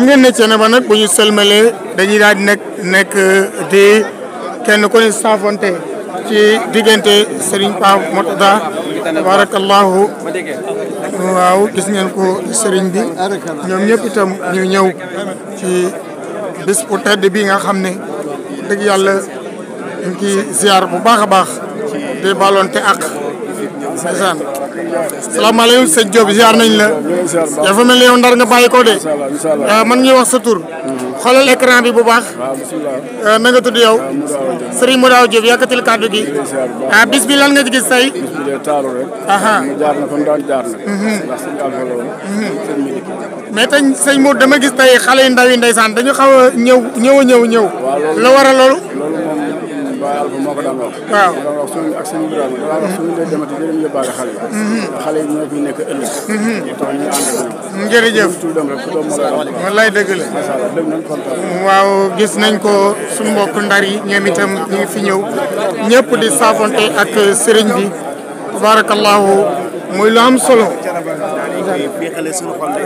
mu ngeen ne Thiénaba nag bu ñu sëlmalee dañuy daal di nekk nekk di kenn ku ne saafonte ci diggante Serigne Pape Mourtada tabarakallahu waaw gis ngeen ko Serigne bi ñoom ñëpp itam ñu ñëw ci bis bu tedd bi nga xam ne dëgg yàlla ñu ngi ziar bu baax a baax di baloonte ak ndeysaan salaamaaleykum sëñ Diop ziar nañ la. dafa mel na yow ndar nga bàyyi ko de. man ñuy wax sa tur. xoolal écran bi bu baax. na euh, nga tudd yow. Ah, Serigne Modou Awa Diop yàkkatil kàddu gi. ah bis bi lan nga ci gis tey. Mhm. Mhm. mais tey sëñ Modou dama gis tey xale yu ndaw yi ndeysaan dañu xaw a ñëw ñëw a ñëw ñëw. war a loolu. Alpha moo ko daan wax. waaw moo daan wax suñu ak suñu Ibrahima moo daan wax da leen yóbbaale xale mm-hmm. mm-hmm. mm-hmm. dëgg la. waaw gis nañ ko suñu mbokk ndar yi ñoom itam fi ñëw ñëpp di saafonte ak sëriñ bi tabaarakallaahu muy lu am solo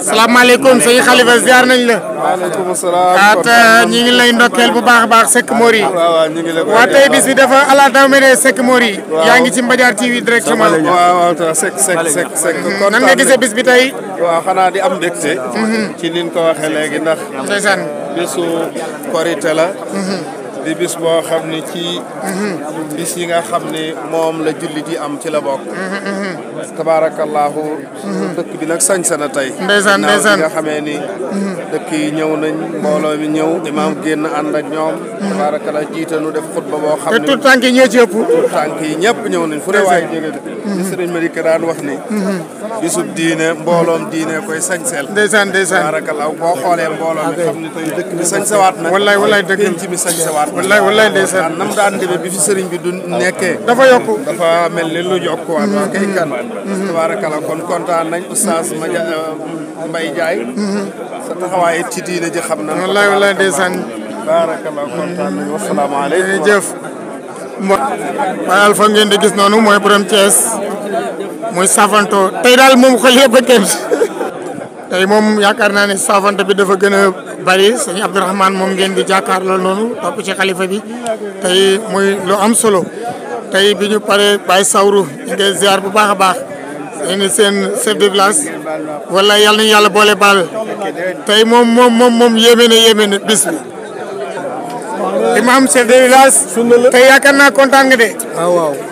salaamaaleykum sëñ Khalifa ziar nañ la. waaleykum salaam. waat ngi lay ndokkeel bu baax a baax sekk Mori. waaw ñi ngi la tey bis bi dafa ala daw mel ne Seck Mori. yaa ngi ci Mbadiar TV directement. waaw waaw Seck Seck nan nga gisee bis bi tey. waaw xanaa di am de mhm. ci niñ ko waxee léegi ndax. ndeysaan bisu korite la. Mhm. di bis boo xam ne ci. Mhm. bis yi nga xam ne moom la jullit yi am ci la bokk. tabaarakallaahu dëkk bi nag sañ sa na tey ndeysaan ndeysaan nga xamee ni dëkk yi ñëw nañ mbooloo mi ñëw imaam génn ànd ak ñoom tabaarakallaahu jiitanu def xutba boo xam ne te tout tànk yi ñoo tànk yi ñëpp ñëw nañ fu ne waaye jóge di sëriñ Malika daan wax ni bisub diine mbooloom diine koy sañseel ndeysaan ndeysaan tabaarakallaahu boo xoolee mbooloo mi xam ne tey dëkk bi sañ sawaat na wallaay wallaay dëkk penc bi sañ sawaat wallaay wallaay ndeysaan nam daan demee bi fi sëriñ bi du nekkee dafa yokk dafa mel ni lu yokk kay kan tabaarakala kon kontaan nañ oustaz Madia euh, Mbaye Ndiaye sa taxawaay ci diine ji xam na wallaay wallaay ndeysaan tabaarakala kontaan nañ jëf mooy Alpha ngeen di gis noonu mooy borom Thiès muy savanto tey daal moom xol yëpp kenn tey moom yaakaar naa ne savante bi dafa gën a bari sëñ Abdourahmane moom ngeen di jàkkaar lool noonu topp ci xalifa bi tey muy lu am solo tey bi ñu paree Baye Sawru ñu ngi bu baax a baax seen chef de village wala yàlla nañu yàlla boole baal tey moom moom moom moom yéeme na yéeme na bis bi. imam chef de village. tey yaakaar naa kontaan nga de. Ah,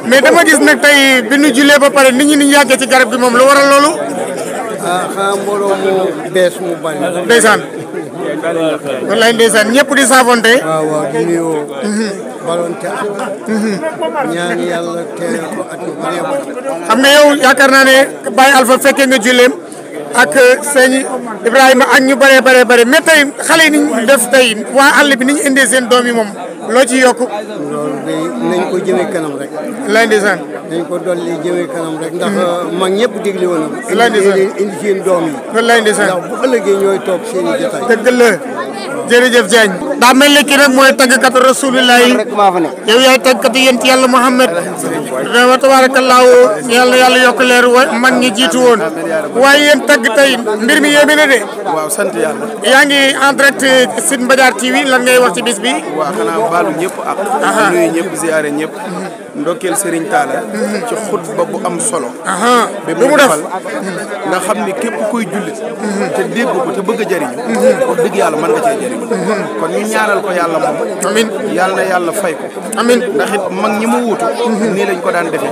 mais dama gis nag tey bi ñu jullee ba pare nit ñi ni ñu ci garab gi moom lu waral loolu. ah xanaa mbooloo mu bees mu bari. di saafonte. Ah, waaw balonte ak ñaan yàlla teewe ko yow yaakaar naa ne Baye Alpha fekkee nga julleem ak euh, sëñ Ibrahima ak ñu bëree bare bëri mais tey xale yi ni ñu def tey waa àll bi ni ñu indee seen doom yi moom loo ci yokk. loolu day nañ ko jëmee kanam rek. lay ndeysaan. nañ ko dolli jëmee kanam rek. ndax hmm. euh, mag ñëpp déglu woon na. lay ndeysaan indi seen doom yi. lay ndeysaan ndax bu ëllëgee ñooy toog seen i jotaay. dëgg la jërëjëf Diagne. daa mel ni kii rek mooy tàggkatu rasulillah yi. yow yaay tàggkatu yent yàlla Muhammad. wa tabaarakallaahu yàlla yàlla yokk leer wa mag ñi jiitu woon. waaye yéen tàgg tey mbir mi yéeme na de. waaw sant yàlla. yaa ngi en direct site Mbadiar TV lan ngay wax ci bis bi. waaw baalu ñëpp ak nuyu ñëpp ziyaare ñëpp ndokkeel Serigne Talla ci xutba bu am solo bi mu defal nga xam ni képp koy jullit te dégg ko te bëgg a jëriñu wax dëgg yàlla mën nga cee jëriñu kon ñu ñaanal ko yàlla moom amin yàlla na yàlla fay ko amin ndax it mag ñi mu wuutu nii lañ ko daan defee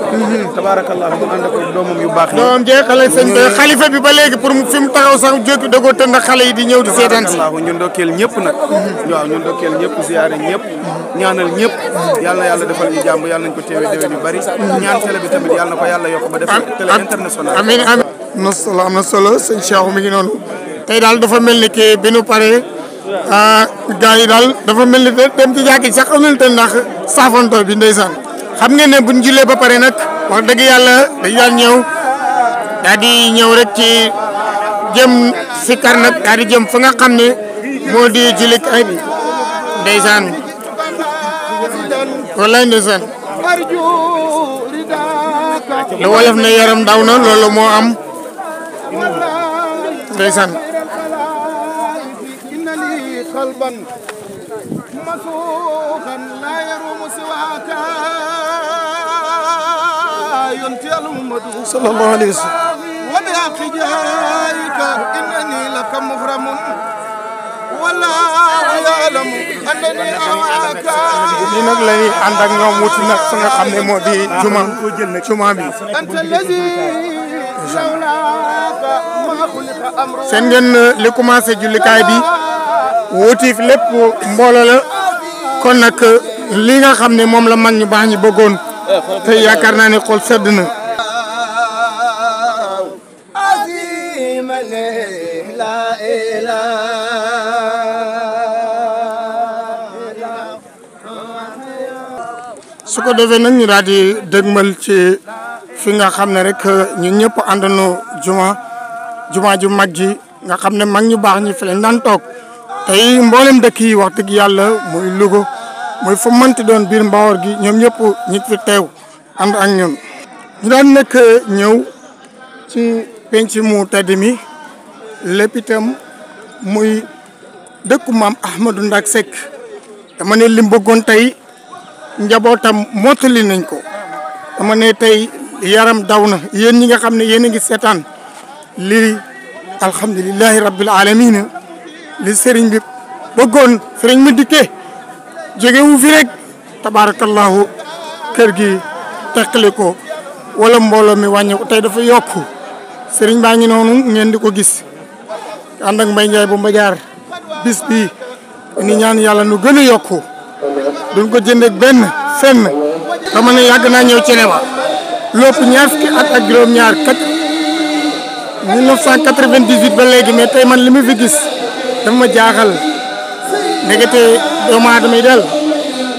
tabaarakallah mu ànd ak doomam yu baax yi doom jeexale sëñ bi xalifa bi ba léegi pour mu fi mu taxaw sax jóg da koo tënd xale yi di ñëw di seetaan si ñu ndokkeel ñëpp nag waaw ñu ndokkeel ñëpp ziyaare ñëpp ñaanal ñëpp yàlla yàlla defal ñu jàmm yàlla ko teewee déwén yu bari ñaan télé bi tamit yàlla ko yàlla yokk ba def télé international amiin amiin am am na solo sëñ Cheikh mi tey daal dafa mel ni que bi nu paree ah, gars yi daal dafa mel ni dem ci jàkk sax am na te ndax saafonto bi ndeysaan xam ngeen ne buñ ba pare nag wax dëgg yàlla dañ daan ñëw daal di ñëw rek ci jëm si kar nag daal di jëm fa nga xam ne moo di jullit ay bi ndeysaan wallaay ndeysaan la wolof ne yaram daw na loolu moo am ndeysaan sallallahu alayhi wa sallam lii i la ñuy ànd ak ñoom wuti nag fi nga xam ne moo di juma juma bi. seen ngeen li commencé jullikaay bi wuti lépp mbooloo la kon nag li nga xam ne moom la mag ñi baax ñi bëggoon te yaakaar naa ne xol sedd na. su ko defee nag ñu daal di dëgmal ci fi nga xam ne rek ñun ñëpp àndandoo juma juma ju mag ji nga xam ne mag ñu baax ñu fi nan daan toog tey mboolem dëkk yi wax dëgg yàlla muy Louga muy fu mënti doon biir Mbawar gi ñoom ñëpp ñi fi teew ànd ak ñun. ñu daan nekk ñëw ci penc mu tedd mi lépp itam muy dëkku maam Ahmadou Ndak Seck dama lim bëggoon tey. njabotam mottali nañ ko dama ne tay yaram dawna na ñi nga xamne yeen ngi setan li alhamdulilahi rabbil alamin li serign bi bëggoon serign mu dikke jóge wu fi rek tabarakallahu kër gi teqali ko wala mbolo mi wañu tay dafa yokku serign ba ngi nonu ngeen diko gis and ak mbay ñay bu mbajar bis bi ni ñaan yalla nu gëna yokku duñ ko jëndee benn fenn dama ne yàgg naa ñëw cinéma lépp ñaar fukki at ak juróom-ñaar kat ba léegi mais tey man li ma fi gis dafa ma jaaxal ndekete doomu aadama yi daal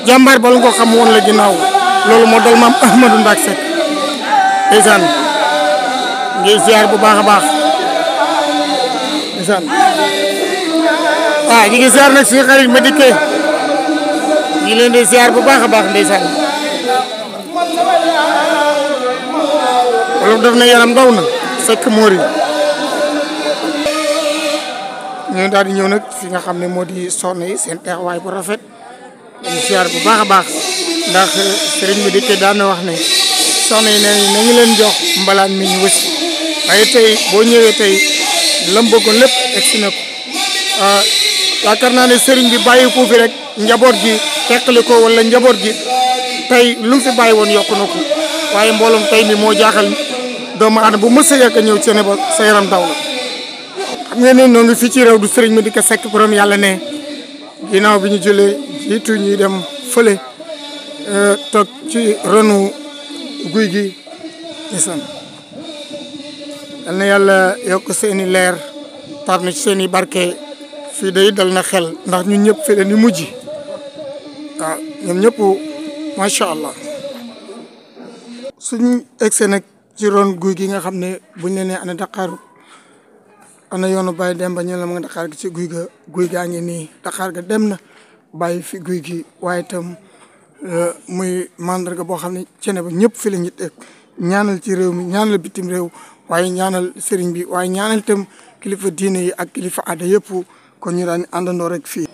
jàmbaar ba xam woon la ginnaaw loolu moo dal maam Ahmadou Ndack Seck ndeysaan ngay ziar bu baax a baax ndeysaan waaw ngi ziar nag suñu xarit ma dikkee ñu leen di ziar bu baax a baax ndeysaan wala def na yaram daw na sekk moori ñu daal di ñëw nag fi nga xam ne moo di soxna yi seen teewaay bu rafet ñu ziar bu baax a baax ndax sëriñ bi dikkee daan na wax ne soxna yi nee na ñu leen jox mbalaan mi ñu wës waaye tey boo ñëwee tey lam bëggoon lépp egsi na ko ah, yaakaar bi bàyyi ko rek njaboot gi teqali ko wala njaboot gi tey lu fi bàyyi woon yokku na ko waaye mbooloom tey mi moo jaaxal doomu aadama bu mës a yàgg a ñëw ci ne ba sa yaram daw la. xam nga ne noo ngi fii ci réew du sëriñ Madicke Seck borom yàlla ne ginnaaw bi ñu jëlee jiitu ñuy dem fële euh, toog ci rënu guy gi isan yal na yàlla yokk seeni leer taab na ci seeni barke fii day dal na xel ndax ñu ñëpp fi la ni mujj ah ñoom ñëpp macha allah. suñu egsee nag ci ron guy gi nga xam ne buñ ne nee ana Dakar ana yoon Baye Demba ñu la ma nga gi ci guy ga guy gaa ngi nii Dakar ga dem na bàyyi fi guy gi waaye itam euh, muy mandarga boo xam ne cene ba ñëpp fi la ñu ñaanal ci réew mi ñaanal bitim réew waaye ñaanal sëriñ bi waaye ñaanal itam kilifa diine yi ak kilifa aada yëpp kon ñu daan àndandoo rek fii.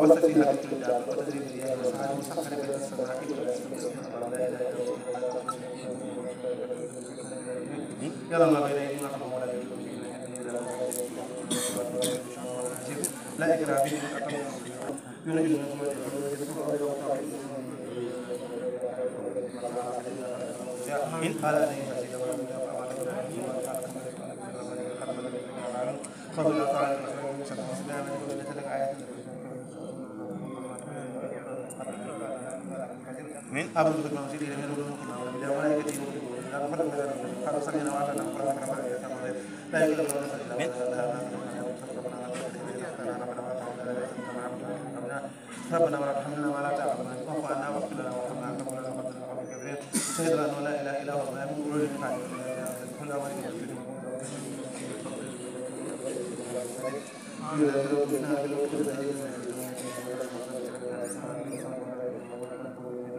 وبث فيها من كل دابة وتجري الرياح والسحاب مسخر بين السماء والأرض سبحان الله لا إله إلا هو يرى ما بين أيديهم وما لا يدركون لا إكراه في الدين يريد أن قال أن يمسك فضل الله تعالى من أبرز التكنولوجيا إلى من ولوكنا وإلى ملائكته يؤمنون إلى غفر لنا قال سمعنا وأعطانا قرآن كما لا يكلف الله نفسا إلا ربنا وارحمنا ولا تعلمنا واعف عنا واغفر لنا وارحمنا انت مولانا فضلنا وعلى الكبير شهد ان لا اله الا هو ما يملك كل شيء كل امر يجري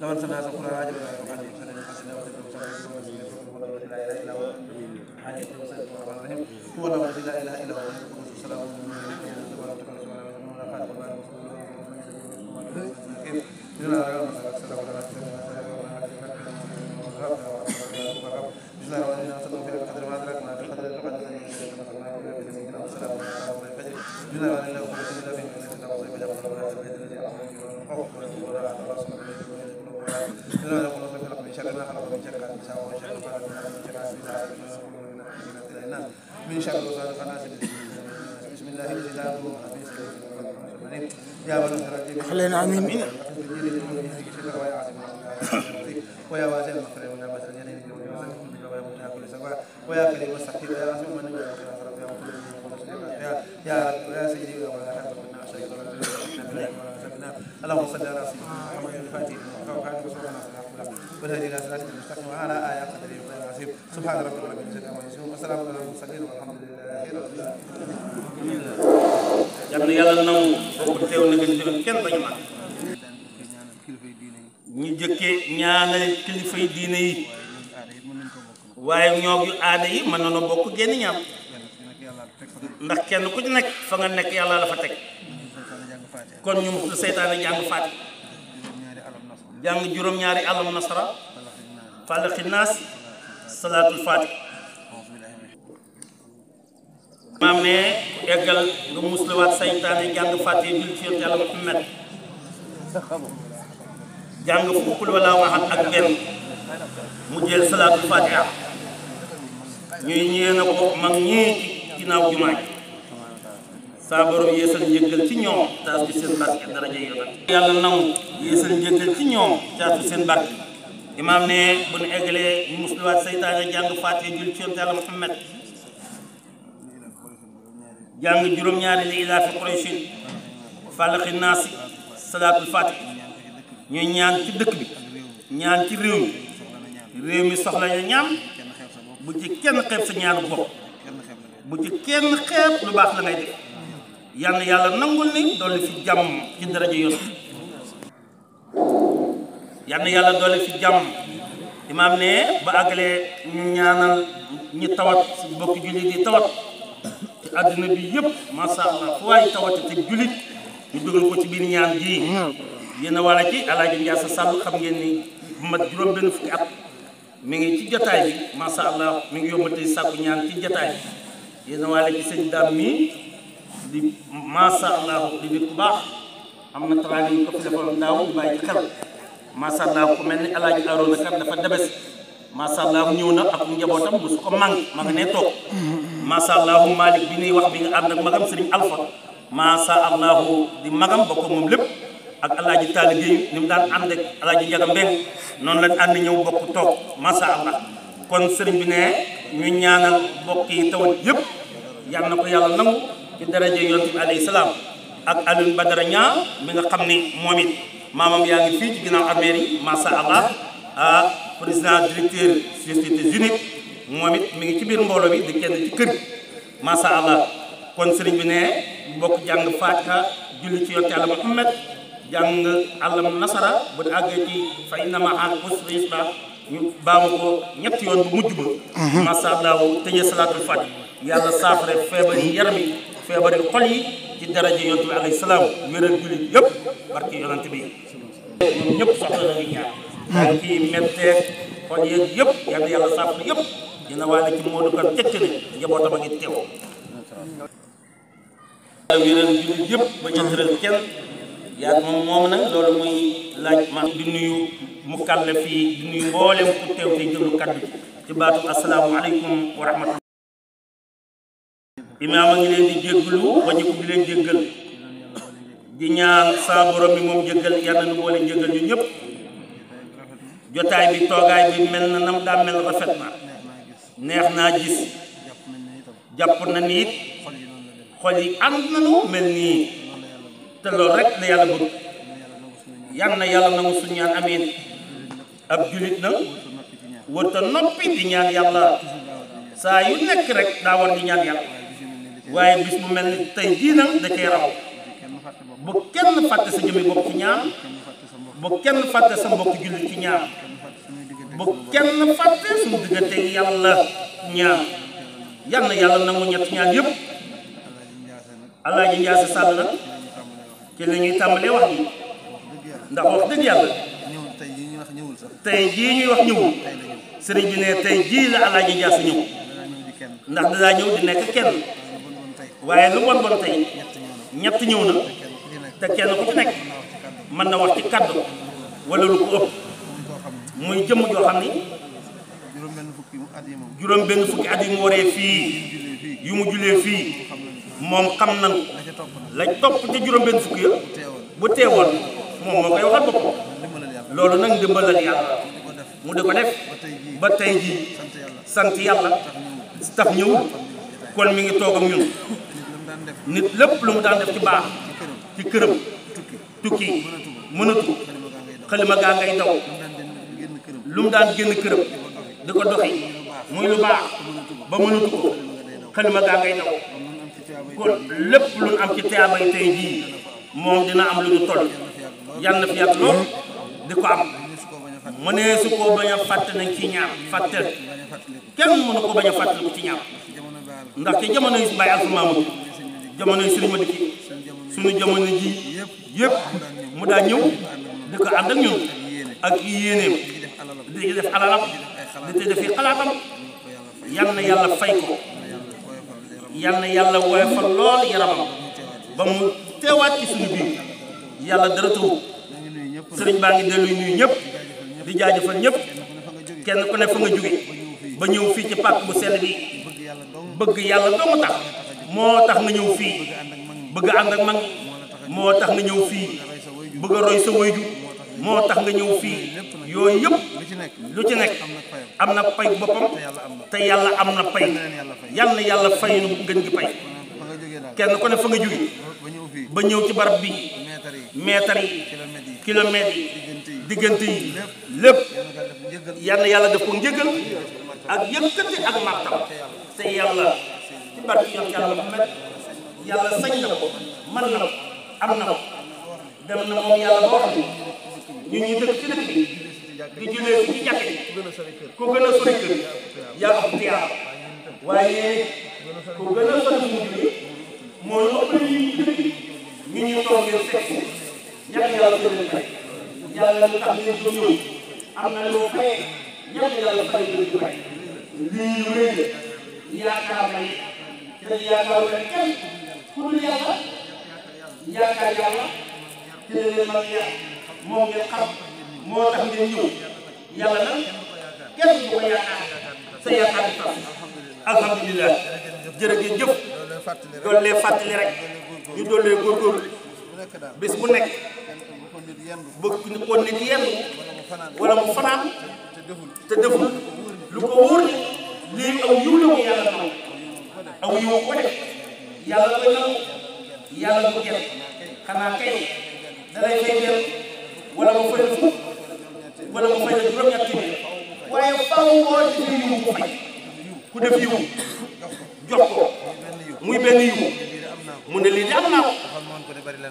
لمن سمع القرآن عجبا وقال يحسن الحسنة وتدعو هو الله الذي لا اله الا هو السلام وخلينا امين ويا واسع المغفرة ويا واسع الجنة ويا واسع كل ويا مبتلى كل سواء ويا كريم السخير ويا واسع من ويا واسع الرب يا مقبل يا يا سيدي ويا مولانا حسب كنا شيخ اللهم صل على سيدنا محمد الفاتح وفوق عنه وصلنا على والهدي الى صراط المستقيم وعلى ايات قدره وقدر عظيم سبحان ربك رب العزه عما يصفون وسلام على المرسلين والحمد لله رب العالمين yal na yàlla nangu bokk teew na gën a jëkkee ñaanal kilifay diine yi waaye ñoo yu aada yi mën nañoo bokk génn ñaam ndax kenn ku ci nekk fa nga nekk yàlla la fa teg kon ñu mu seytaane jàng faati jàng juróom-ñaari alam nasara falaxi salaatul faati maam ne eggal nga musluwaat saytaane jàng fàttee jul ci yàlla Muhammad jàng fukkul wala waxat ak benn mu jël salaatul fatiha ñuy ñee na ko mag ñii ci ginnaaw jumaa ji saa borom yeesal njëggal ci ñoom taas bi seen barke daraja yonent yàlla nangu yeesal njëggal ci ñoom taas bi seen barke imaam ne bu nu eggalee ñu musluwaat saytaane jàng fàttee jul ci yàlla Muhammad jang juróom-ñaari li fi quraysh fàllaxi naasi salatul fatih ñu ñaan ci dëkk bi ñaan ci réew mi réew mi soxla ñu ñaan bu ci kenn xeeb sa ñaanu bopp bu ci kenn xeeb lu baax la ngay def yalla yalla nangul ni dolli fi jam ci daraja yoon yalla yalla dolli fi jam imam ne ba àggalee ñaanal ñi tawat bokk julli di tawat ci àdduna bi yëpp macha allah fu waay tawate te julit ñu dugal ci biir ñaan ji yéen a wala ci alaaji Ndiassa Sall xam ngeen ni mat juróom benn mi ngi ci jotaay bi mi ngi yombatee sàkku ñaan ci jotaay bi yéen a wala ci sëñ daam mi di macha allah di nit ku baax am na taraani ko fi defoon daaw ñu bàyyi xel macha allah ku mel ni alaaji Aroona kat dafa debes macha allah ñëw na ak njabootam mosu ko manqué ma nga ne toog macha allah Malick bi ñuy wax bi nga ànd ak magam sëriñ Alpha macha allah di magam bokk moom lépp ak El Hadj Talla Guèye ni mu daan ànd ak El Hadj Ndiaga Mbeng noonu lañ ànd ñëw bokk toog macha allah kon sëriñ bi ne ñu ñaanal mbokk yi tawat yëpp yal na ko yàlla nangu ci daraje bi salaam ak Alioune Badara Niang mi nga xam ni moom it maamam yaa ngi fii ci ginnaaw armeer yi allah ah, président directeur société unique moom it mi ngi ci biir mbooloo bi di kenn ci kër macha allah kon sëriñ bi ne bokk jàng faatiha julli ci yonte yàlla Muhammad jàng àllam nasara bu àggee ci fa inna ma'al ko ñetti yoon bu mujj ba. Mhm. macha allah tëjee salaatul faatiha yàlla saafara feebar yi yaram yi feebar yi xol yi ci daraja yonte bi salaam wéral julli yëpp barke yonante bi ñoom ñëpp soxla nañu ñaan. maa ngi metteeg xol yeeg yëpp yal yang yàlla dina waane ci Modou Kane cëcc ne njabootam ngi teew wéral jullit yëpp ba ca tëral kenn yaa moom moom nag loolu muy laaj man di nuyu mu kàlle di nuyu mboolem ku teew tey déglu kaddu ci baatu asalaamualeykum wa ngi di di jéggal di ñaan borom bi jéggal nu jéggal ñu ñëpp jotaay bi toogaay bi mel na nam daa mel rafet na neex naa gis jàpp na ni it xol yi ànd nañu mel nii te rek la yàlla bëgg yal na yàlla nangu suñu ñaan amiin ab julit na wërta noppi di ñaan yàlla saa yu nekk rek daa di ñaan yàlla waaye bis mu mel ni tey jii nag da raw bu kenn fàtte sa jëmmi bopp ci ñaan bu kenn fàtte sa mbokk jullit ci ñaar bu kenn fàtte suñu diggante yàlla ñaar yal na yàlla nangu ñett ñaar yëpp alaaji Njaase Sàll nag ci la ñuy tàmbalee wax ji ndax wax dëgg yàlla tey jii ñuy wax ñëwul sëriñ bi ne tey jii la alaaji Njaase ñëw ndax danaa ñëw di nekk kenn waaye lu bon bon tey ñett ñëw na te kenn ku ci nekk mën na wax ci kaddu wala lu ko ëpp muy jëmm joo xam ni juróom benn fukki at yi mu waree fii yi mu julee fii moom xam nan la topp ci juróom benn fukki ya bu teewoon moom moo koy waxal bopp loolu nag ndimbalal yàlla mu di ko def ba tey jii sant yàlla tax ñëw kon mi ngi toog ak ñun nit lépp lu mu daan def ci baax ci këram tukki mënatu xalima gaa ngay daw lu mu daan génn këram di ko doxi muy lu baax ba mënatu ko xalima gaa ngay daw kon lépp lu am ci teyaabay tey jii moom dina am lu ñu toll yàlla na fi yàgg lool di ko am mënee su ko a fàtte nañ ci ñaar fàtte kenn mënu ko bañ a fàttaliku ci ñaar ndax ci jamonoy Baye Asou Mamadou jamonoy Serigne Madické suñu jamono ji yépp yépp mu daa ñëw di ko ànd ak ñun ak yéeneem di def alalam di te def xalaatam yal na yàlla fay ko yal na yàlla woyofal lool yaramam ba mu teewaat ci suñu biir yàlla dara taw sëriñ baa ngi delluy nuyu ñëpp di jaajëfal ñëpp kenn ku ne fa nga jóge ba ñëw fii ci pàkk bu sell bi bëgg yàlla dong tax moo tax nga ñëw fii bëgg a ànd ak mag moo tax nga ñëw fii bëgg a roy sa wayju moo tax nga ñëw fii yooyu yëpp lu ci nekk am na pay boppam te yàlla am na pay yal na yàlla fay nu ngeen gi pay kenn ku ne fa nga jóge ba ñëw ci barab bi meetar yi kilomètres yi diggante yi lépp yal na yàlla def ko njëgal ak yëkkati ak màttam te yàlla ci barab yi yàlla Muhammad yàlla sañ na ko mën na ko am na ko dem na moom yàlla boo xam ne ñu ñuy dëkk ci dëkk di jëlee ci jàkk ji ku gën a sori yaa ëpp tiyaa waaye ku gën a sori mujj bi moo ñu ëpp kay yàlla lu tax ñu ko ñëw am na loo fay ñàkk yàlla fay ñu ko lii lu rëy la yaakaar nañ te yaakaar ku dul yàlla yaakaar yàlla te man ya moo xam moo tax ngeen ñëw yàlla nag kenn du ko yaakaar sa yaakaar bi tax alhamdulilah jërëjëf jëf doon fàttali rek ñu doon lee góorgóorlu bis bu nekk bëgg ko nit yendu wala mu fanaan te deful lu ko wóor lii aw yiw la ko yàlla aw yiw ko def yàlla koy nangu yàlla ko jël xanaa kay dalay fay jël wala mu fay fukk wala mu fay juróom-ñetti waaye faw boo ci ko ku def yiw jox ko muy benn yiw mu ne lii de am naa ko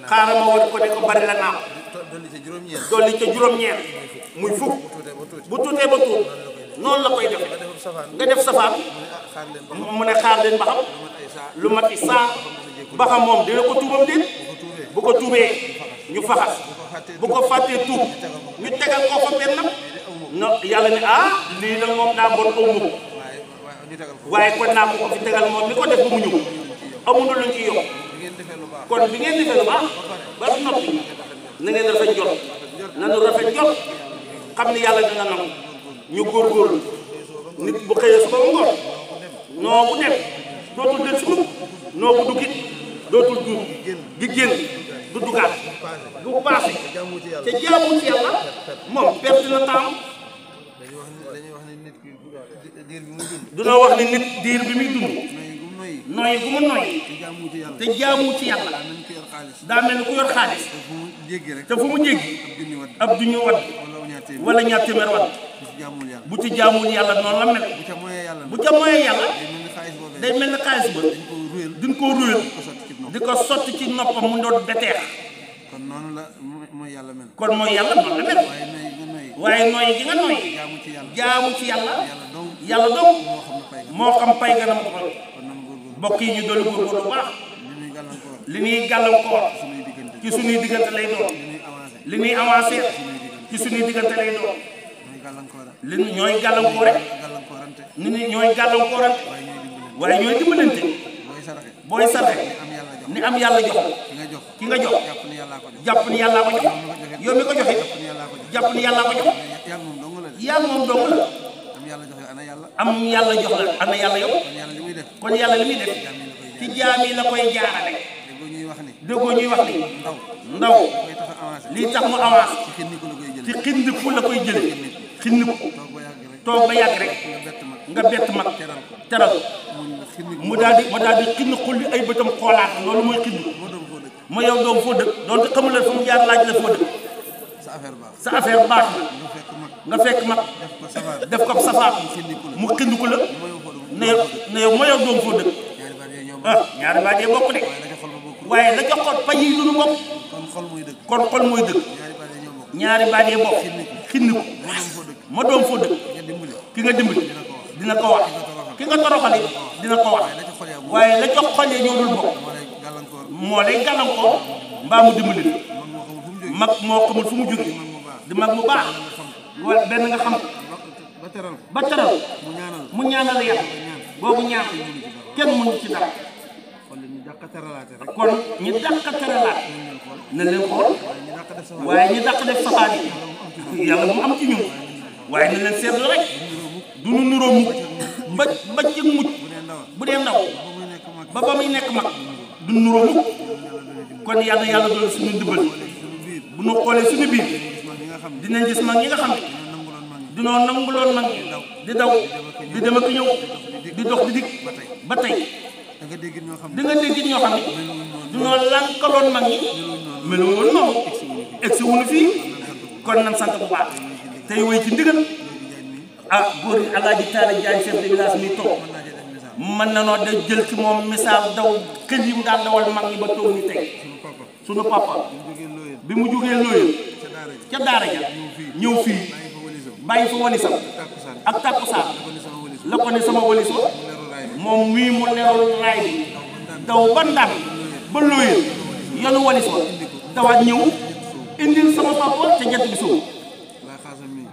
xaaral ma woon ko de ko bari la naa ko dolli ca juróom-ñeent muy fukk bu tuutee ba tuut noonu la koy def nga def safaan mu ne xaar leen ba xam lu mati saa ba xam moom dina ko tuubam déet bu ko tuubee ñu faxas bu ko fàttee tuub ñu tegal ko fa benn no yàlla ne ah lii nag moom daa bon aw ko waaye kon naa ko fi tegal moom mi ko def bu mu ñëw amul luñ ci yokk kon bi ngeen defee lu baax ba noppi na ngeen rafet jot nanu rafet jot xam ni yàlla dina nangu ñu góorgóorlu nit bu xëyee suba ba ngoon noo dem dootul del si mukk noo ko duggit dootul duur di génn du dugaat bu paase te jaamu ci yàlla moom perte na taam duna wax ni nit diir bi muy dund nooyi bu ma nooyi te jaamu ci yàlla daa mel ni ku yor xaalis te fu mu jéggi ab du ñu wadd wala ñaar téeméer wadd bu ci jaamul yàlla noonu la mel bu ca moyee yàlla day mel na xaalis ba duñ ko ruyal di ko sotti ci noppam mu doon beteex kon noonu la mooy yàlla mel kon mooy yàlla noonu la mel waaye nooy gi nga nooy jaamu ci yàlla yàlla dong moo xam pay nga nam ko mbokk yi ñu doon góorgóorlu bu baax li ñuy gàllankoor ci suñuy diggante lay doon li muy avancé ci suñuy diggante lay doon li ñooy gàllankoor rek ni ñooy gàllankoorante waaye ñooy dimbalante booy saraxe ni am yàlla jox ki nga jox jàpp ni yàllaa ko jox yow mi ko joxe jàpp ni yàllaa ko jox yàlla moom dong la am yàlla jox la ana yàlla yow kon yàlla li muy def ci jaam yi la koy jaarale déggoo ñuy wax ni ndaw lii tax mu avance ci xind fu la koy jële xind ko toog ba yàgg rek nga bett mag teral mu daal di mu daal di xinni xulli ay bëtam xoolaat loolu mooy xinni ma yow doom foo dëkk doon te xamul la fu mu jaar laaj la foo dëkk sa affaire baax sa mu xindi ko la ne ne yow ma yow doom foo dëkk ah ñaari baat yee bokk de waaye la ca xol paj yi lu nu bokk kon xol mooy dëkk ñaari baat yee bokk xindi ko ma doom foo dëkk ki nga dimbali dina ko wax ki nga toroxali dina ko wax waaye la ca xol ya ñoo bokk moo lay gàllankoor mbaa mu dimbali mag moo xamul fu mu jógee di mag mu baax wala benn nga xam ba teral mu ñaanal yàlla boobu ñaan kenn mënu ci dara kon ñi dàq teralaat na leen xool waaye ñi dàq def safaani yàlla mu am ci ñun waaye na leen seetlu rek du nu nuróo mukk ba ba cëg mucc bu dee ndaw ba ba muy nekk mag du nuróo mukk kon yàlla yàlla doon suñu ndimbal bu nu xoolee suñu biir dinañ gis mag ñi nga xam ne dinoo nanguloon mag di daw di dem ak ñëw di dox di dikk ba tey da nga dégg ñoo xam ne dinoo lànkaloon mag ñi melu woon noonu egsi wuñu fii kon nan sant bu baax tey woy ci ndigal ah góor alaaji Taala Jaay chef de village mi toog mën na noo de jël ci moom misaal daw kër yi mu daan dawal mag ñi ba toog ni tey sunu papa bi mu jógee looyal ca daara ja ñëw fii bàyyi fa walisam ak takkusaan la ko ni sama walisoo moom wii mu leeral raay bi daw ba ndar ba looyal wa walisoo dawaat ñëw indil sama papa ca jant bi suuf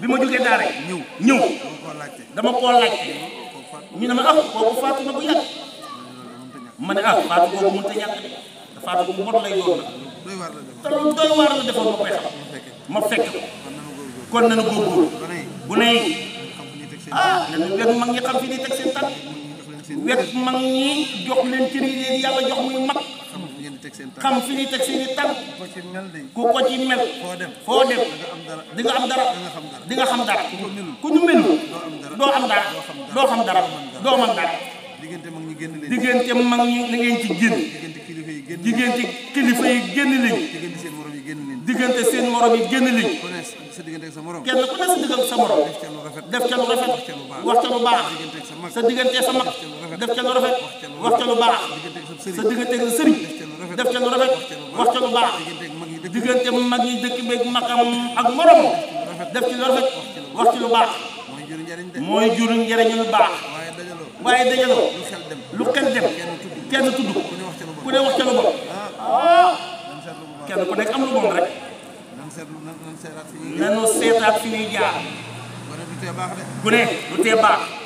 bi ma jógee daara ñëw ñëw dama koo laajte ñu ne ma ah kooku faatu na bu yàgg ma ne ah faatu boobu mënut a ñàkk de faatu bu mot lay doon nag te loolu doy waar la defoon ma koy xam ma fekk ko kon nanu góorgóorlu bu ne ah nanu wet mag ñi xam fi ni teg seen tànk wet mag ñi jox leen cër yi leen yàlla jox muy mag xam fi ñuy teg seen i tànk ku ko ci mel de ku ko ci mel foo dem foo dem di nga am dara di nga xam dara ku ñu melul doo am dara doo xam dara doo mën dara diggante mag ñi génn leen diggante mag ñi li ngeen ci génn diggante kilifa yi génn leen diggante seen morom yi génn leen sa diggante ak sa morom kenn ku ne sa diggante sa morom def ca lu rafet def ca lu rafet wax ca lu baax sa diggante sa mag def ca lu rafet wax ca lu baax sa diggante ak sa sëriñ def ca lu rafet wax ca lu baax diggante mag ñi dëkk beeg magam ak morom def ci lu rafet wax ci lu baax mooy jur njëriñ lu baax waaye dajaloo lu kenn dem kenn tudd ku ne wax ca lu bopp kenn ku nekk am lu moom rek nanu seetaat fi ñuy jaar bu ne du tee baax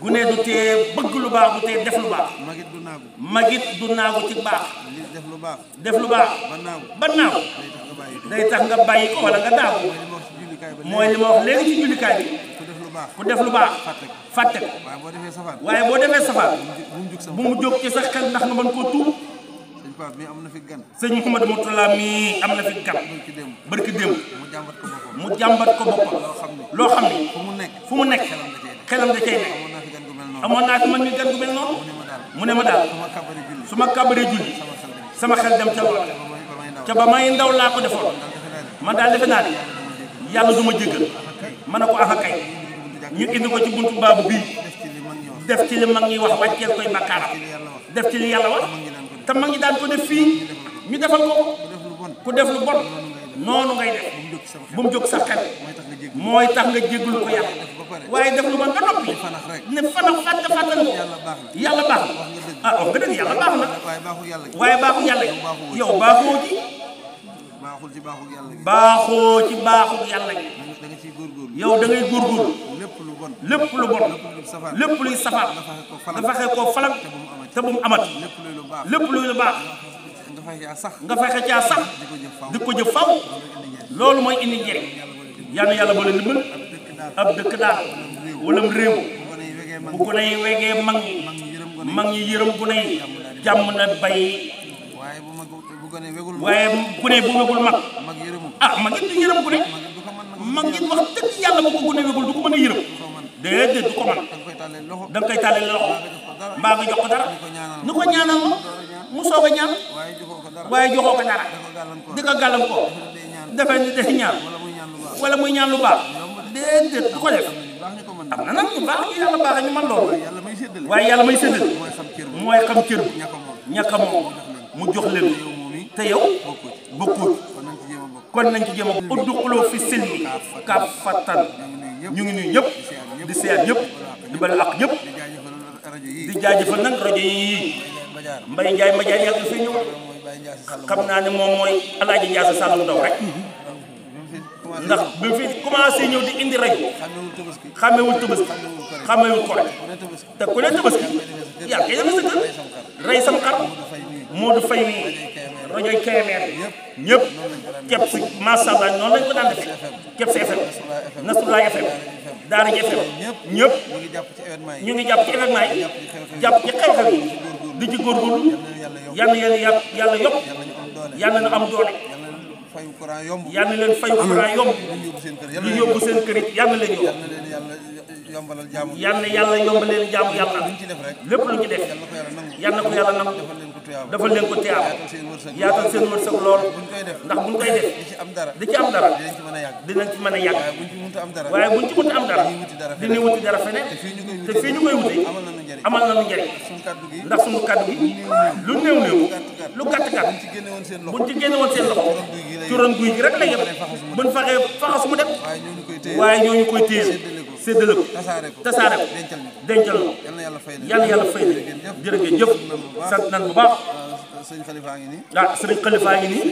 gune du tee bëgg lu baax du tee def lu baax magit du nagu magit du nagu ci baax def lu baax def lu baax ba naagu ba naagu day tax nga bayyi ko wala nga daaw moy li ma wax legi ci julli kay bi ku def lu baax fatte waye bo defé defee bu mu jog ci sax xel ndax nga man ko tuub pap mi am mi amna fi gam barki dem mu jambat ko bokko mu jàmbat ko boppam loo xam ne loo xam ne fu mu nekk fu mu nekk xelam da cay ne amoon naa fi man mi gan gu mel noonu mu ne ma daal su ma kàbbaree julli sama xel dem ca ba may ndaw laa ko defoon man daal defe naa ne yàlla du ma jéggal ma ne ko a kay ñu indi ko ci buntu baabu bii def ci li mag ñi wax wàcceel koy bakkaaram def ci li yàlla wax te mag ñi daan ko def fii ñu defal ko ku def lu bon noonu ngay def bu mu jóg sa xel mooy tax nga jéggul ko yàlla waaye def lu man ba noppi ne fanax fàtte fàttal yàlla baax na ah wax nga dëgg yàlla baax na waaye baaxu yàlla yi yow baaxoo ci baaxul ci baaxu yàlla gi baaxoo ci góor góor yow da ngay lépp lu bon lépp lu bon lépp luy safar nga fexe koo falam te bu mu amat lépp luy lu baax nga fexe caa sax nga fexe caa sax di ko jëf faw loolu mooy indi njëriñ yàlla yàlla boole ndimbal ab dëkk daal wala réew bu gune yi wegee mag ñi mag ñi yërëm gune yi jàmm na bay waaye bu mag bu gune wegul waaye gune bu wegul mag ah mag it du yërëm gune mag it wax dëgg yàlla bu ko gune wegul du ko mën a yërëm déedéet du ko mën da nga koy tàllale loxo mbaa nga jox ko dara ni ko ñaanal mu soog a ñaan waaye joxoo ko dara di ko gàllankoor dafa ni day ñaan wala muy ñaan lu baax déedéet du ko def am na nag ñu baax ñu yàlla baax ñu man loolu waaye yàlla may séddale mooy xam cër bi ñàkk mu jox leen te yow bokkut kon nañ ci jéem a fi silmi kaafatan ñu ngi nuyu ñëpp di seet ñëpp di bala ak ñëpp di jaajëfal nag rajo yi Mbaye Ndiaye ma jaay yàgg fi ñëw xam naa ne moom mooy alaaji Ndiaye Sall mu ndaw rek ndax bi fi commencé ñëw di indi rajo xamewul tabaski xamewul kore te ku ne tabaski yaa ngi sa kër rey sam xar moo du fay wii rajoy KMR ñëpp képp si macha allah noonu lañ ko daan defee képp si FM Nasrullah FM Daara FM ñëpp ñu ngi jàpp ci événement yi jàpp ci xew-xew di ci góorgóorlu yàlla yàlla yàlla yàlla yokk yàlla na am doole. fayu courant yomb yàlla na leen fayu courant yomb. ñu yóbbu seen kër yàlla leen yóbbu. yombalal jaamu yal na yàlla yombalal jaamu yàlla lépp lu ñu def yal na yàlla nangu dafa leen ko teew yaatal seen wërsëg lool ndax buñ koy def di ci am dara dinañ ci mën a yàgg a waaye buñ ci mënta am dara dinañ wuti dara feneen te fii ñu koy wute amal nañu njëriñ ndax suñu kaddu gi lu néew néew lu gàtt gàtt buñ ci génne seen loxo ci guy gi rek la yem buñ faxee faxas mu dem waaye ñooñu koy téye séddale ko tasaare ko dencal ko yàlla yàlla fay na jërë ngeen jëf sant nan bu baax sëñ xalifaa ngi nii ah sëñ xalifaa ngi nii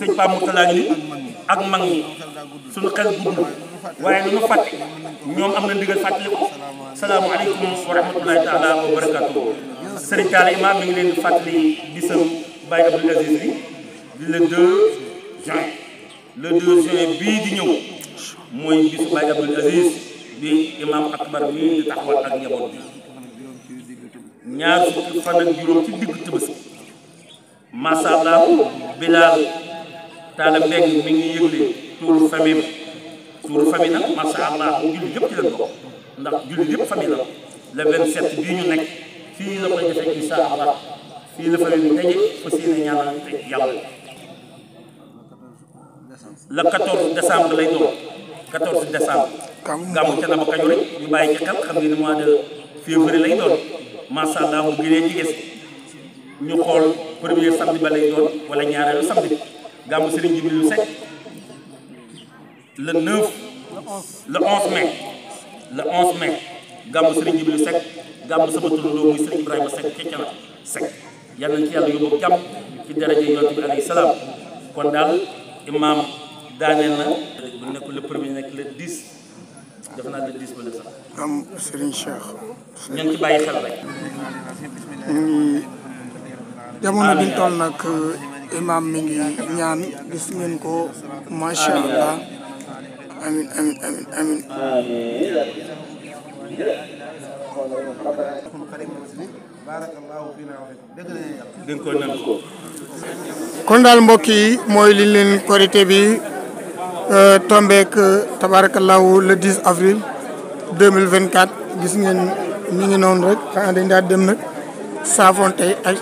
sëñ Pape Mourtala ngi nii ak mag ñi suñu xel gudd waaye lu ñu fàtte ñoom am na ndigal fàttali ko salaamaaleykum wa rahmatulahi taala wa barakatu sëriñ Imaam mi leen di fàttali bisam Baye Abdoul Aziz bi le 2 juin le 2 juin bii di ñëw mooy bisu Baye Abdoul Aziz bi imaam akbar nii di taxawal ak njaboot bi ñaar fukki fan ak juróom ci digg tëbës masha Allah bilaal taala mi ngi yëgle tuuru famille tuuru famille nag masha Allah julli yëpp ci lañ ko ndax julli yëpp famille la le 27 bii ñu nekk fii la koy defee insha Allah fii la famille bi daje fas yéene ñaanal te yàlla le 14 décembre lay doon 14 décembre gàmmu ca Naba Kajoor ñu bàyyi ci xel xam ngeen ne mois de février lay doon macha mu gënee ci gis ñu xool premier samedi ba lay doon wala ñaareelu samedi gàmmu Serigne Djibril Seck le gàmmu Serigne Djibril Seck muy Serigne Ibrahima Seck ca yàlla na ci yàlla yóbbu jàmm ci daraja yonent bi alayhi salaam kon daal imaam daaneel na bu nekk le premier nekk le 10. def naa le 10 jamono bi nag imaam mi ngi ñaan gis ngeen ko macha allah amin amin amin kon daal mbokk mooy li leen korité bi. Euh, tombeek tabaarakallaahu le 10 avril 2024 gis ngeen mi ngi noonu rek xanaa dañ daal dem nag saafonte ak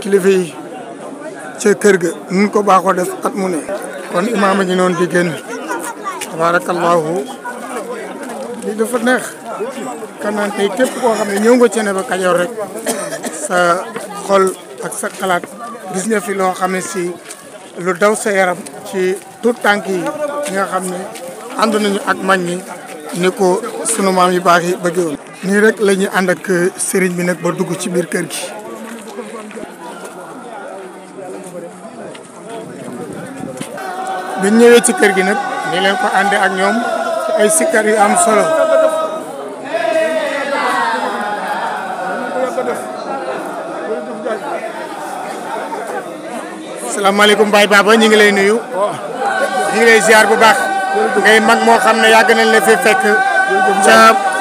kilifa kër ga nun ko baaxoo def at mu ne kon imaam a ngi noonu di génn li dafa neex kan tey képp koo xam ne nga cene ba Kajoor rek sa xol ak sa xalaat gis nga fi loo xam ne si lu daw sa yaram ci tout tànk yi yi nga xam ne ànd nañu ak mag ñi ni ko sunu maam yu baax yi bëggee woon. nii rek la ànd ak sëriñ bi nag ba dugg ci biir kër gi. biñ ñëwee ci kër gi nag ñu leen ko àndee ak ñoom ci ay sikkar yu am solo. salaamaaleykum Baye Baba ñu ngi lay nuyu. ñu ngi lay bu baax ngay mag moo xam ne yàgg nañ la fi fekk ca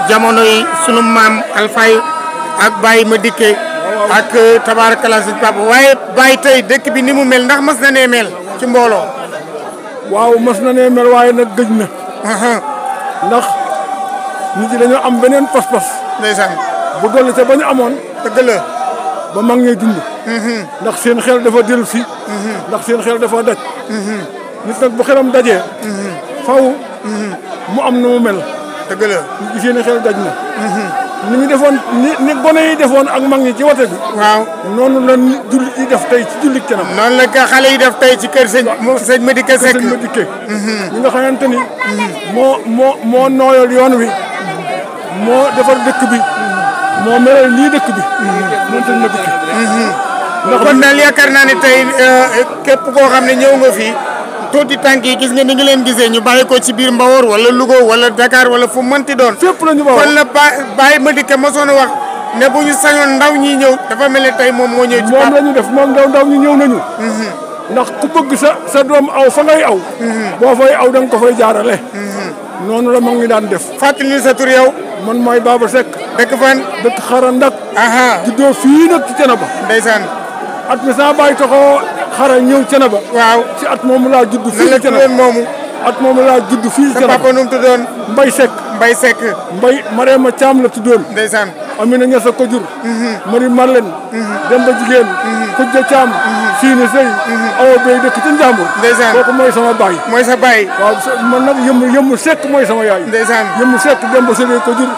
jamono yi sunu maam alfay ak Baye ma dikkee ak euh, tabaarakala suñu papa waaye Baye tey dëkk bi ni mu mel ndax mas na nee mel ci mbooloo. waaw mas na nee mel waaye nag gëj na. ndax nit yi dañoo am beneen pas-pas. ndeysaan bu dolli ba ñu amoon. dëgg la ba mag ñuy dund. Mhm. ndax seen xel dafa dellu si. Mhm. ndax seen xel dafa daj. Mhm. nit nag bu xelam dajee. faw mu am na mu mel. dëgg la ñu gis xel daj na. ni ñu defoon ni yi defoon ak mag ñi ci wote bi. waaw noonu la jullit yi def tey ci jullit kanam. noonu la ka xale yi def tey ci kër sëñ. sëñ Madické Seck kër sëñ Madické. Mhm. nga xamante ni. moo moo moo nooyal yoon wi. moo defar dëkk bi. moo melal nii dëkk bi. Mhm. moom sëñ Madické. Mhm. ndax kon daal yaakaar naa ne tey euh, képp koo xam ne ñëw nga fii. tuuti tànk yi gis nga ni ngi leen gisee ñu bàyyi ko ci biir Mbawor wala Louga wala Dakar wala fu mënti doon. fépp la ñu Mbawor kon la Baye Madické mosoon a wax ne bu ñu sañoon ndaw ñi ñëw dafa mel ne tey moom moo ñëw. ci moom la ñu def moom ndaw ñëw nañu. Mhm. ndax ku bëgg sa sa doom aw fa ngay aw. Mhm. boo fay aw da nga ko fay jaarale. Mhm. noonu la mag ñi daan def. fàttali sa tur yow. man mooy Baba Seck. dëkk fan. dëkk xarandak. juddoo fii nag ci Thiénaba. ndeysaan. at mi saa bàyyi ko xara ñëw Thiénaba waaw ci at moomu laa judd fii ci Thiénaba moomu at moomu laa judd fii ci Thiénaba papa nu mu tuddoon Mbay Seck Mbay Seck Mbay Mariama Thiam la tuddoon ndeysaan Amina Niass ko jur mhm. Marie Marlène mhm. Demba Jigéen mhm. Kujja Thiam Siini Sey a Bey dëkk ci Njàmbur ndeysaan kooku mooy sama baay mooy sa baay waaw man nag yëmb yëmb Seck mooy sama yaay ndeysaan yëmb Seck Demba Sëli ko jur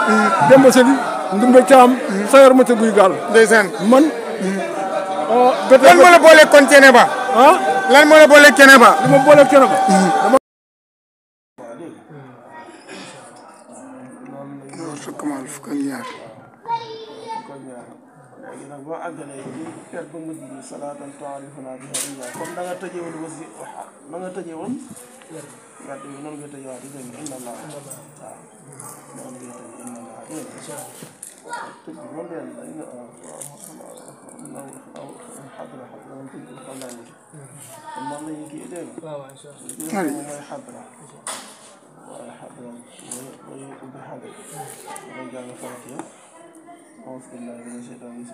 Demba Sëli Ndumbe Thiam sayor ma ca guy gaal ndeysaan man lan moo la boole kon Thiénaba. ah lan moo boole Thiénaba. ba na nga tëjee أعوذ بالله من الشيطان بسم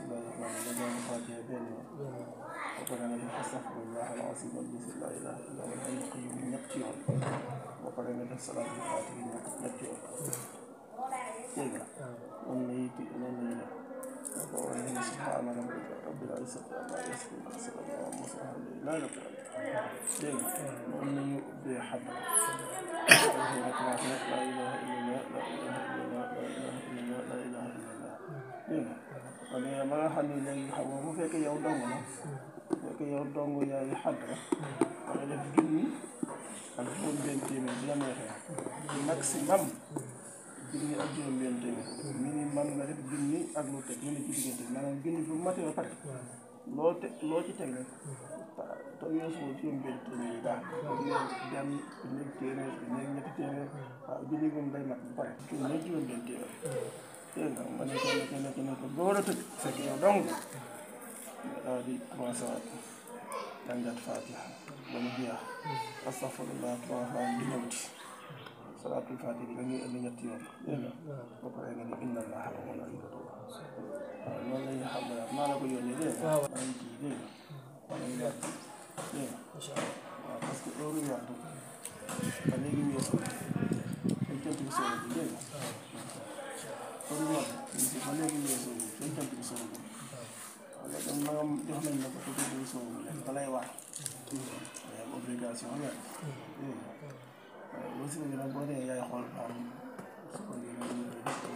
الله الرحمن الرحيم الفاتحة بيني وقرأنا لها استغفر الله العظيم الذي لا إله إلا هو الحي القيوم يقتل وقرأنا لها الصلاة الفاتحة يقتل أمنيتي الأمنية أقول هنا سبحان ربك رب العزة عما يصفون سلام ومسرح لا يقبل دين مؤمن بحق لا إله إلا الله لا إله إلا الله لا إله إلا الله لا إله إلا الله دين أنا ما حني لي حوامو فيك يا ودونا فيك يا ودونا يا حق أنا في جني أنا في بنتي من جنة maximum junni ak juróom-benn tamit ñu ni man nga def junni ak lu teg ñu ne ci diggante maanaam junni bu mate ba pare loo teg loo ci teg rek te weesu juróom-benn tamit daal nekk benn nekk téeméer nekk ñetti téeméer waaw junni moom day mat ba pare junni juróom-benn téeméer dégg nga ma nekk nekk nekk nekk ba war a tëj fekk yow dong nga daal di commencé waat jàngat Fatiha ba mu jeex astaghfirullah trois fois di ñëwati salaatul faatiha da ngay indi ñetti yoon. ba pare nga ne inna allaha wa malaikatahu waaw loolu la ñuy xam ne maa la ko yónnee dégg nga. maa ngi ciy dégg nga maa ngi yàgg dégg nga. incha allah waaw parce que loolu yàgg ba léegi ñu yokk dañ cant bi solo bi dégg nga. loolu yàgg ba léegi ñu yokk dañ cant bi solo bi. waaw léegi nag magam jox nañ la ko te duñ solo bi léegi balay waar. waaw obligation la. wërsëg bi nag boo dee yaay xool ba am su ko defee ñu ngi def ay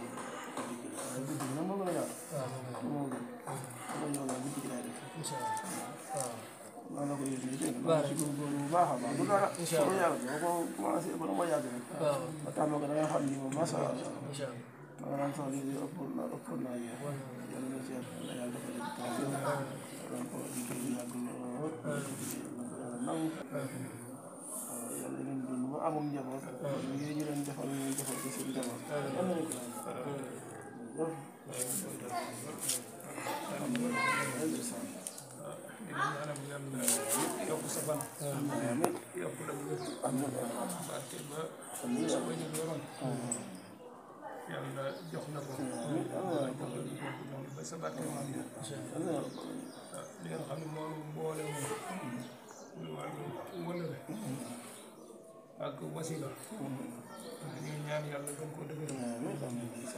ay liggéey waaye guddi gi nag moo gën a yaatu. moo gën moo ñëw nag guddi gi laay def. incha allah waaw loolu la ko yëgee dégg nga. waaw ci góorgóorlu bu baax a baax. du dara incha allah yàlla boo ko commencé ba dama yàgg rek. waaw ba tàmm ko da ngay xam ni moom macha allah. incha allah maanaam sax lii de ëpp na ëpp na yéen. yàlla na ci yàlla dafa def temps yëpp. donc liggéey bi yàgg na lool. nangu. di leen dund ba amul njaboot. liggéey ah. ñu leen defal ñu defal ci seen njaboot. Ah. am nañu ko loolu. yokk sa fan. yokk la bu wér. barke ba. sa ba ñu yoroon. yàlla jox na ko. ba sa barke ma li nga xam ne moom boole moom. wala ak wasila ñu ñaan yàlla gën koo dëgëral ndax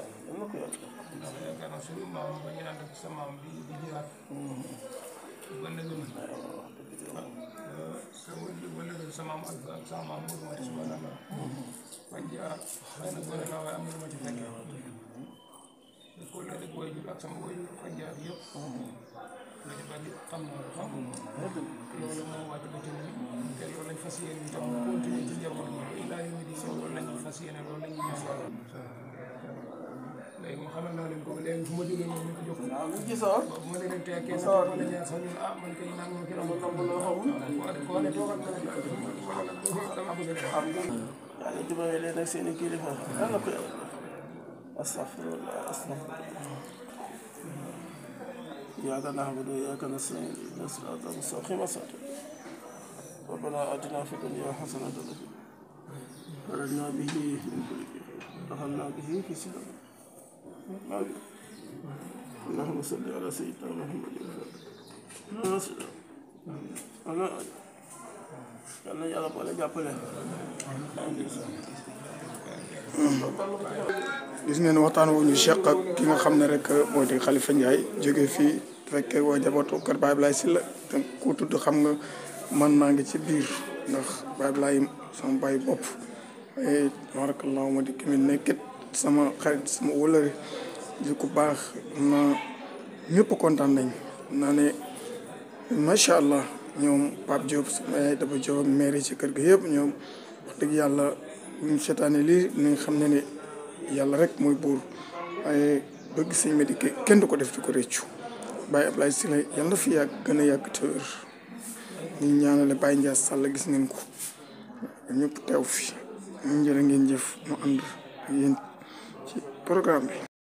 yaakaar naa suñu maam ba ñu naan def sa maam bi di jiyaat ba nëgëm mm-hmm. wala sa maam ak ak sa maam mu ma ci wala bañ ci arab xëy na gore naa waaye am na lu ma ci fekkee ko la rek waajur ak sama waajur fañ jaar yëpp mm-hmm. loolu moo wàcc ba jëm ni te loolu lañ fas yéene ñu tam continuer ci jamono bi ilaa yi di loolu lañ fas yéene loolu lañ ñu léegi ma xamal naa leen ko léegi fu ma jógee moom ñu ko jox waaw ñu gisoo bu ma leen tee kenn soo ma ñaan sax ñun ah man kay naan ma kii dama tomb loo xamul koo ne toogal ma ne dama bëgg a xam yàlla jubale leen ak seen i kilifa lan la ko yàlla astafirullah astafirullah إياك نعبد وإياك نستعين إلى صراط مستقيم صراط ربنا آتنا في الدنيا حسنة وفي خرجنا به من كل دخلنا به في سلام اللهم صل على سيدنا محمد وعلى آله Karena ya apa lagi apa lah. gis ngeen waxtaan wu ñu Cheikh ak ki nga xam ne rek moo di Khalifa Ndiaye jóge fii fekkee woo njabootu kër Baye si la te ku tudd xam nga man maa ngi ci biir ndax Baye Ablaye sama baay bopp waaye eh, tabarakallah ma di ki mi sama xarit sama wëlëri di ku baax na ñëpp kontaan nañ naa ne macha allah ñoom Pape Diop sama yaay dafa Diop maire ci kër gi yëpp ñoom wax dëgg yàlla ñu seetaane lii ñu xam ne ni yàlla rek mooy buur waaye eh, bëgg sëñ Madické kenn du ko def di ko réccu Baye Ablaye Sylla yàlla na fi yàgg gën a yàgg te wér ñu ñaanale Baye Ndiaye Sall gis ngeen ko ñëpp teew fi ñu jërë ngeen jëf mu ànd ak ci programme